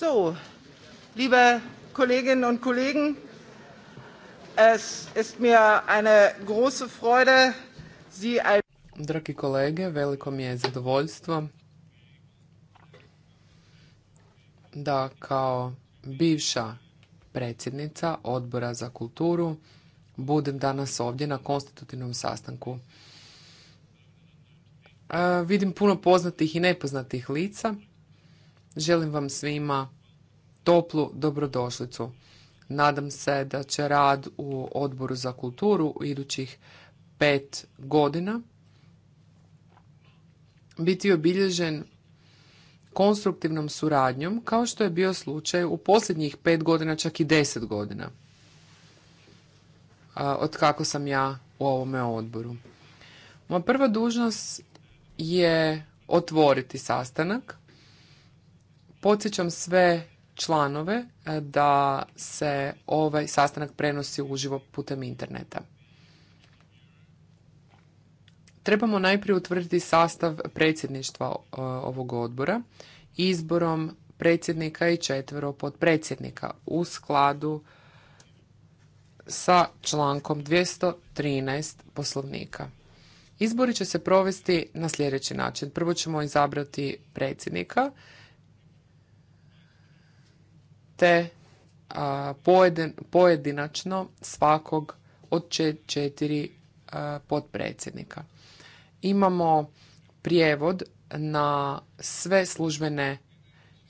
So, liebe Kolleginnen und Kollegen, es ist mir eine große Freude, Sie Dragi kolege, veliko mi je zadovoljstvo da kao bivša predsjednica odbora za kulturu budem danas ovdje na konstitutivnom sastanku. E, vidim puno poznatih i nepoznatih lica. Želim vam svima toplu dobrodošlicu. Nadam se da će rad u odboru za kulturu u idućih pet godina biti obilježen konstruktivnom suradnjom kao što je bio slučaj u posljednjih pet godina, čak i deset godina od kako sam ja u ovome odboru. Moja prva dužnost je otvoriti sastanak Podsjećam sve članove e, da se ovaj sastanak prenosi uživo putem interneta. Trebamo najprije utvrditi sastav predsjedništva e, ovog odbora izborom predsjednika i četvero potpredsjednika u skladu sa člankom 213 poslovnika. Izbori će se provesti na sljedeći način. Prvo ćemo izabrati predsjednika te pojedinačno svakog od četiri potpredsjednika. Imamo prijevod na sve službene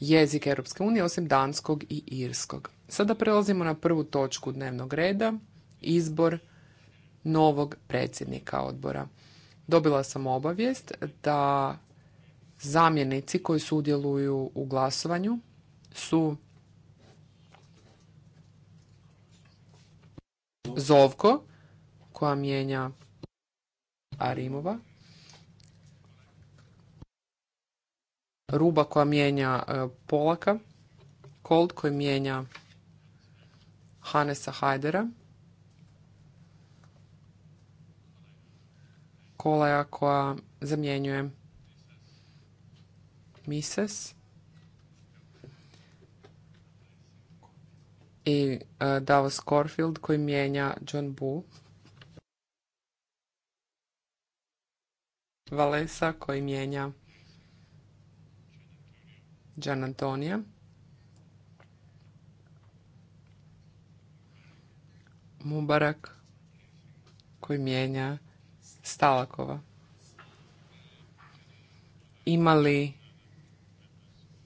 jezike Europske unije osim danskog i irskog. Sada prelazimo na prvu točku dnevnog reda, izbor novog predsjednika odbora. Dobila sam obavijest da zamjenici koji sudjeluju u glasovanju su Zovko koja mijenja Arimova. Ruba koja mijenja e, Polaka. Kold, koji mijenja Hanesa Hajdera. Kolaja koja zamjenjuje Mises. i e, Davos Corfield koji mijenja John Boo. Valesa koji mijenja Gian Antonija. Mubarak koji mijenja Stalakova. Ima li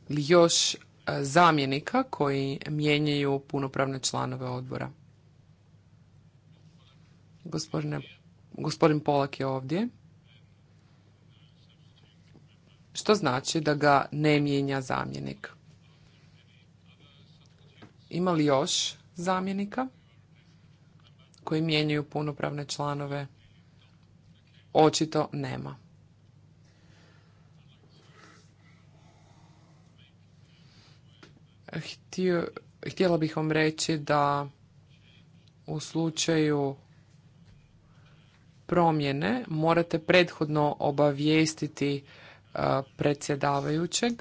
još E, zamjenika koji mijenjaju punopravne članove odbora. Gospodine, gospodin Polak je ovdje. Što znači da ga ne mijenja zamjenik. Ima li još zamjenika koji mijenjaju punopravne članove? Očito nema. Htio, htjela bih vam reći da u slučaju promjene morate prethodno obavijestiti e, predsjedavajućeg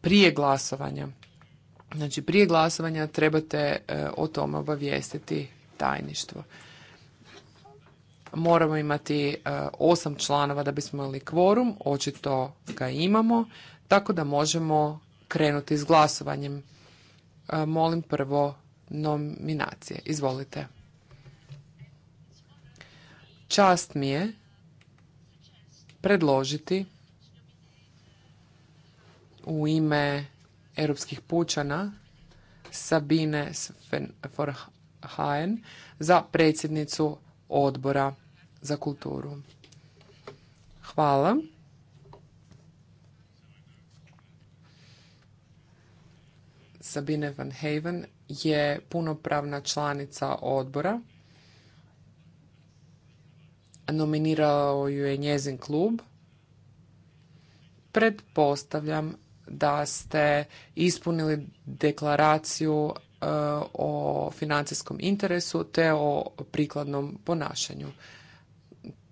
prije glasovanja. Znači prije glasovanja trebate e, o tome obavijestiti tajništvo. Moramo imati e, osam članova da bismo imali kvorum, očito ga imamo, tako da možemo krenuti s glasovanjem. E, molim prvo nominacije. Izvolite. Čast mi je predložiti u ime europskih pučana Sabine Forhaen za predsjednicu odbora za kulturu. Hvala. Sabine Van Haven je punopravna članica odbora. Nominirao ju je njezin klub. Pretpostavljam da ste ispunili deklaraciju e, o financijskom interesu te o prikladnom ponašanju.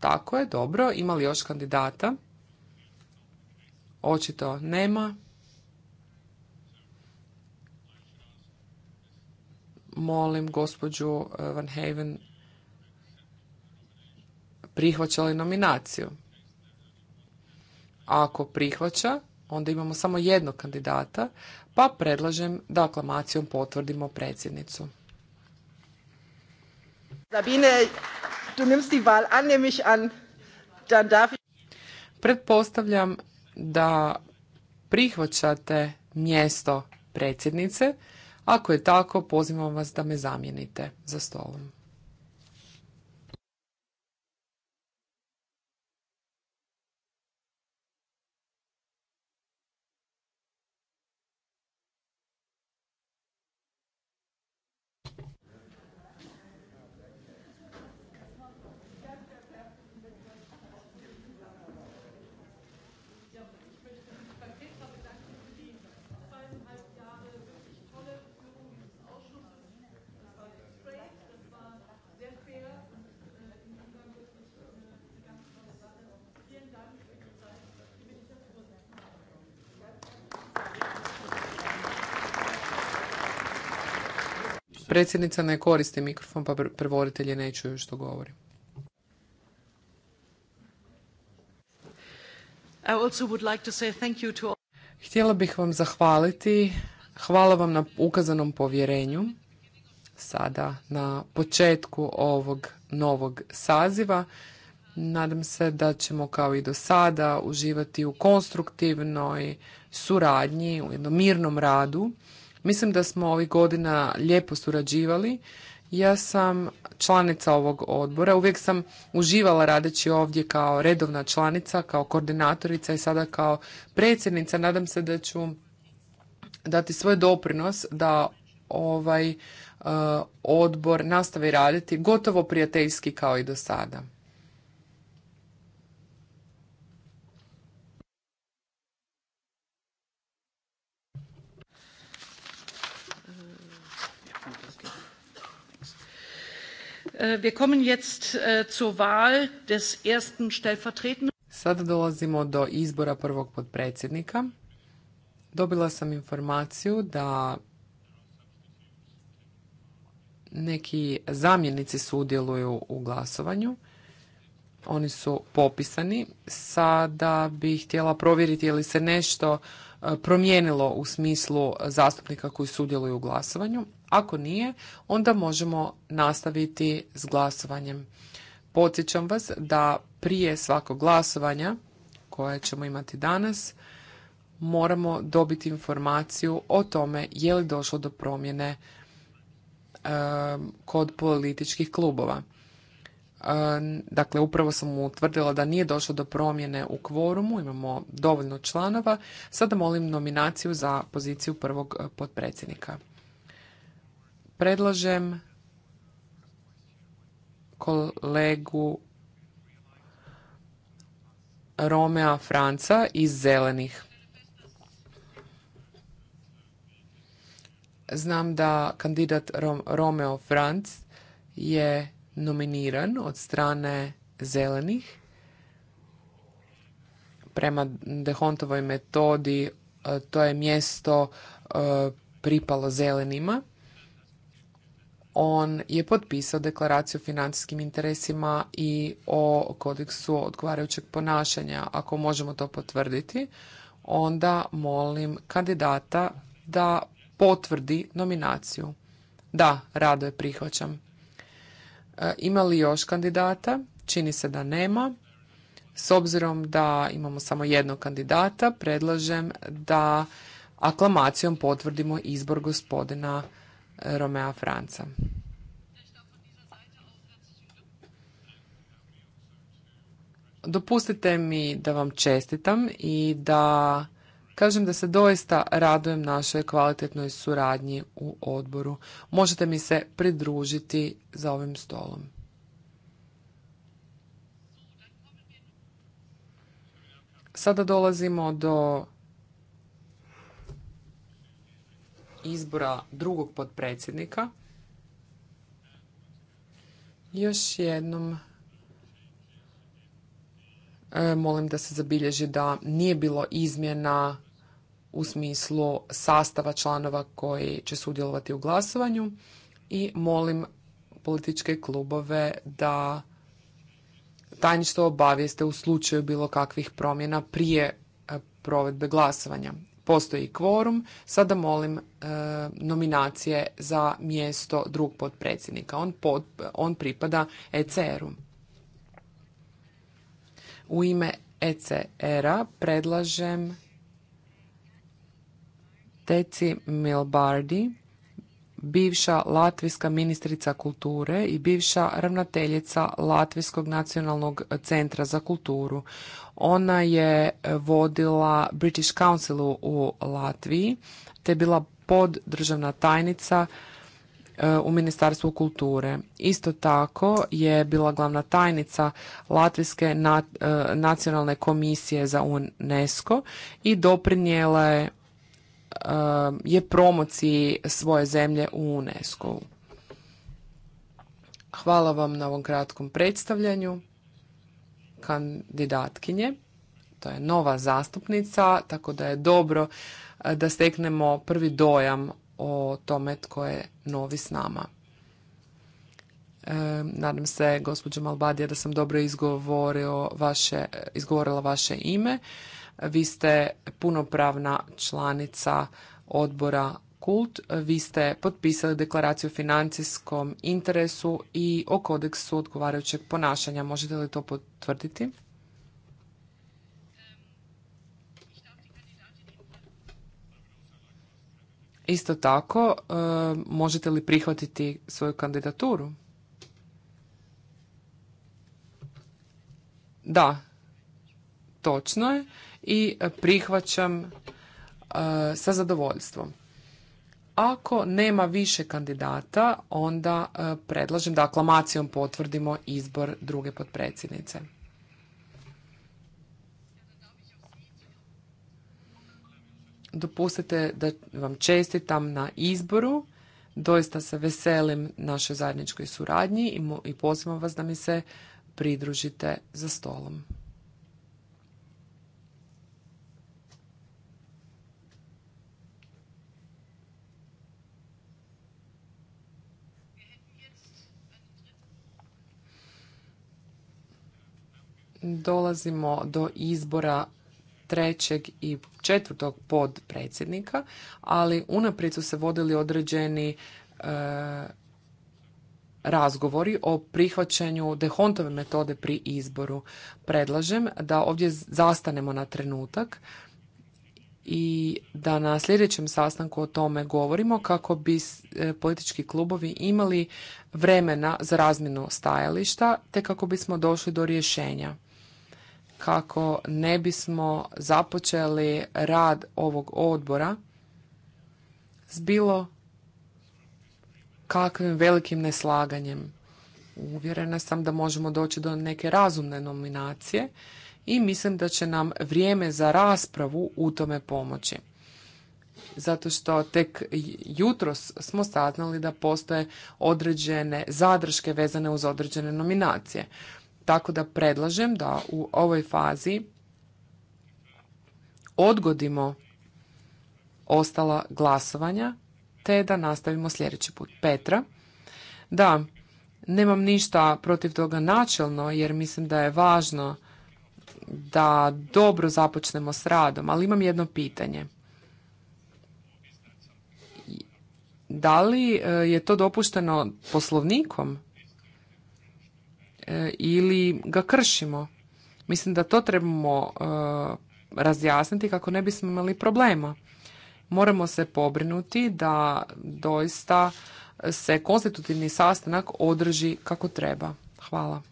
Tako je, dobro. Ima li još kandidata? Očito nema. molim gospođu eh, Van Haven prihvaća li nominaciju. Ako prihvaća, onda imamo samo jednog kandidata, pa predlažem da aklamacijom potvrdimo predsjednicu. Sabine, du nimmst an. Pretpostavljam da prihvaćate mjesto predsjednice. Ako je tako, pozivam vas da me zamijenite za stolom. Predsjednica ne koristi mikrofon, pa prevoditelji ne čuju što govori. Htjela bih vam zahvaliti. Hvala vam na ukazanom povjerenju sada na početku ovog novog saziva. Nadam se da ćemo kao i do sada uživati u konstruktivnoj suradnji, u jednom mirnom radu Mislim da smo ovih godina lijepo surađivali. Ja sam članica ovog odbora. Uvijek sam uživala radeći ovdje kao redovna članica, kao koordinatorica i sada kao predsjednica. Nadam se da ću dati svoj doprinos da ovaj e, odbor nastavi raditi gotovo prijateljski kao i do sada. Äh, wir kommen jetzt äh, zur Wahl des ersten Sada dolazimo do izbora prvog potpredsjednika. Dobila sam informaciju da neki zamjenici sudjeluju u glasovanju oni su popisani. Sada bih htjela provjeriti je li se nešto e, promijenilo u smislu zastupnika koji sudjeluju u glasovanju. Ako nije, onda možemo nastaviti s glasovanjem. Podsjećam vas da prije svakog glasovanja koje ćemo imati danas moramo dobiti informaciju o tome je li došlo do promjene e, kod političkih klubova. Dakle, upravo sam utvrdila da nije došlo do promjene u kvorumu, imamo dovoljno članova. Sada molim nominaciju za poziciju prvog e, potpredsjednika. Predlažem kolegu Romea Franca iz Zelenih. Znam da kandidat Romeo Franc je nominiran od strane zelenih prema Dehontovoj metodi e, to je mjesto e, pripalo zelenima. On je potpisao deklaraciju o financijskim interesima i o kodeksu odgovarajućeg ponašanja. Ako možemo to potvrditi, onda molim kandidata da potvrdi nominaciju. Da, rado je prihvaćam. E, ima li još kandidata? Čini se da nema. S obzirom da imamo samo jednog kandidata, predlažem da aklamacijom potvrdimo izbor gospodina Romea Franca. Dopustite mi da vam čestitam i da kažem da se doista radujem našoj kvalitetnoj suradnji u odboru. Možete mi se pridružiti za ovim stolom. Sada dolazimo do izbora drugog podpredsjednika. Još jednom e, molim da se zabilježi da nije bilo izmjena u smislu sastava članova koji će sudjelovati u glasovanju i molim političke klubove da tajništvo obavijeste u slučaju bilo kakvih promjena prije e, provedbe glasovanja. Postoji kvorum, sada molim e, nominacije za mjesto drug potpredsjednika. On, on pripada ECR-u. U ime ECR-a predlažem Teci Milbardi, bivša latvijska ministrica kulture i bivša ravnateljica Latvijskog nacionalnog centra za kulturu. Ona je vodila British Council u Latviji te bila poddržavna tajnica e, u Ministarstvu kulture. Isto tako je bila glavna tajnica Latvijske e, nacionalne komisije za UNESCO i doprinijela je Eh, je promociji svoje zemlje u UNESCO. Hvala vam na ovom kratkom predstavljanju kandidatkinje. To je nova zastupnica, tako da je dobro eh, da steknemo prvi dojam o tome tko je novi s nama. Eh, nadam se, gospođo Malbadija, da sam dobro izgovorio vaše, izgovorila vaše ime. Vi ste punopravna članica odbora Kult. Vi ste potpisali deklaraciju o financijskom interesu i o kodeksu odgovarajućeg ponašanja. Možete li to potvrditi? Isto tako, e, možete li prihvatiti svoju kandidaturu? Da, točno je i e, prihvaćam e, sa zadovoljstvom. Ako nema više kandidata, onda e, predlažem da aklamacijom potvrdimo izbor druge potpredsjednice. Dopustite da vam čestitam na izboru. Doista se veselim našoj zajedničkoj suradnji i pozivam vas da mi se pridružite za stolom. dolazimo do izbora trećeg i četvrtog podpredsjednika, ali unaprijed su se vodili određeni e, razgovori o prihvaćanju dehontove metode pri izboru. Predlažem da ovdje zastanemo na trenutak i da na sljedećem sastanku o tome govorimo kako bi e, politički klubovi imali vremena za razmjenu stajališta te kako bismo došli do rješenja kako ne bismo započeli rad ovog odbora s bilo kakvim velikim neslaganjem. Uvjerena sam da možemo doći do neke razumne nominacije i mislim da će nam vrijeme za raspravu u tome pomoći. Zato što tek jutros smo saznali da postoje određene zadrške vezane uz određene nominacije. Tako da predlažem da u ovoj fazi odgodimo ostala glasovanja te da nastavimo sljedeći put. Petra, da, nemam ništa protiv toga načelno jer mislim da je važno da dobro započnemo s radom, ali imam jedno pitanje. Da li e, je to dopušteno poslovnikom? E, ili ga kršimo. Mislim da to trebamo e, razjasniti kako ne bismo imali problema. Moramo se pobrinuti da doista se konstitutivni sastanak održi kako treba. Hvala.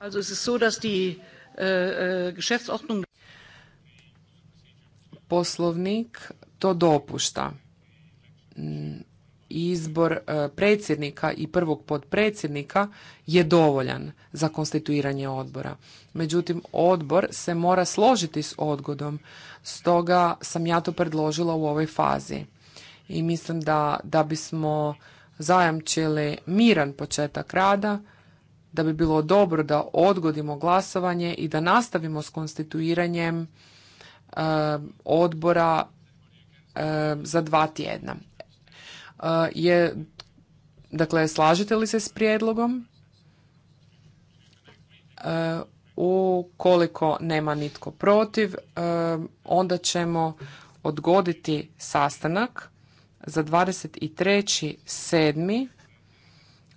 Äh, äh, Poslovnik to dopušta izbor e, predsjednika i prvog potpredsjednika je dovoljan za konstituiranje odbora. Međutim, odbor se mora složiti s odgodom, stoga sam ja to predložila u ovoj fazi. I mislim da, da bismo zajamčili miran početak rada, da bi bilo dobro da odgodimo glasovanje i da nastavimo s konstituiranjem e, odbora e, za dva tjedna je, dakle, slažete li se s prijedlogom? Ukoliko nema nitko protiv, onda ćemo odgoditi sastanak za 23.7.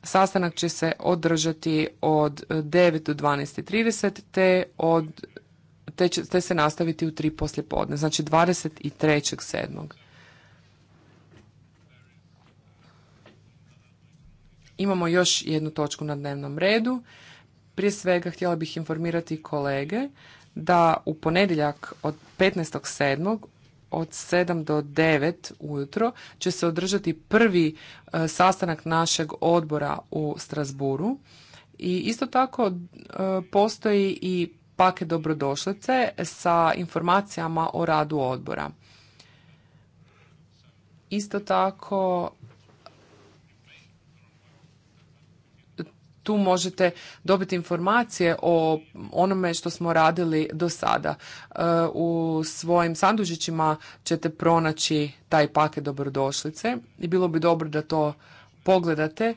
Sastanak će se održati od 9 do 12.30 te od te, se nastaviti u 3 poslijepodne, znači 23.7. Imamo još jednu točku na dnevnom redu. Prije svega htjela bih informirati kolege da u ponedjeljak od 15.7. od 7 do 9 ujutro će se održati prvi e, sastanak našeg odbora u Strasburu. I isto tako e, postoji i paket dobrodošlice sa informacijama o radu odbora. Isto tako tu možete dobiti informacije o onome što smo radili do sada. E, u svojim sandužićima ćete pronaći taj paket dobrodošlice i bilo bi dobro da to pogledate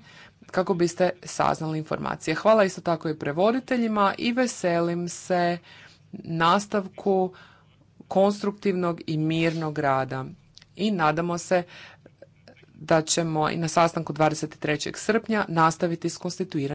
kako biste saznali informacije. Hvala isto tako i prevoditeljima i veselim se nastavku konstruktivnog i mirnog rada. I nadamo se da ćemo i na sastanku 23. srpnja nastaviti s konstituiranjem